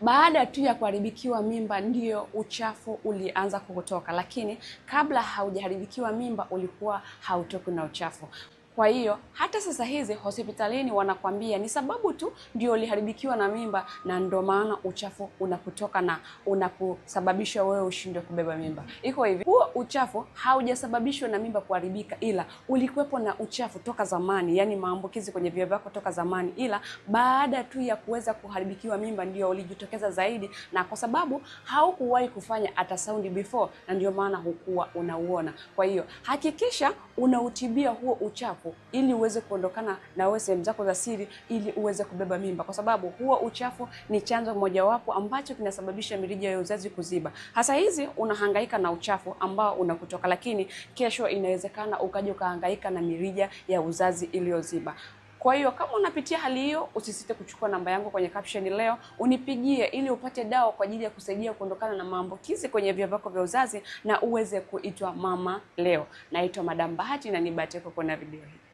Baada tu ya kuharibikiwa mimba ndio uchafu ulianza kutoka, lakini kabla haujaharibikiwa mimba ulikuwa hautoki na uchafu. Kwa hiyo hata sasa hizi hospitalini wanakwambia ni sababu tu ndio uliharibikiwa na mimba, na ndio maana uchafu unakutoka na unakusababisha wewe ushindwe kubeba mimba. Iko hivi, huo uchafu haujasababishwa na mimba kuharibika, ila ulikuwepo na uchafu toka zamani, yani maambukizi kwenye via vyako toka zamani, ila baada tu ya kuweza kuharibikiwa mimba ndio ulijitokeza zaidi, na kwa sababu haukuwahi kufanya ultrasound before, na ndio maana hukuwa unauona. Kwa hiyo hakikisha unautibia huo uchafu yako ili uweze kuondokana na wewe sehemu zako za siri ili uweze kubeba mimba, kwa sababu huo uchafu ni chanzo mojawapo ambacho kinasababisha mirija ya uzazi kuziba. Hasa hizi unahangaika na uchafu ambao unakutoka, lakini kesho inawezekana ukaja ukahangaika na mirija ya uzazi iliyoziba. Kwa hiyo kama unapitia hali hiyo, usisite kuchukua namba yangu kwenye caption leo, unipigie ili upate dawa kwa ajili ya kusaidia kuondokana na maambukizi kwenye via vyako vya uzazi na uweze kuitwa mama leo. Naitwa Madam Bahati na ni bahati kuona video hii.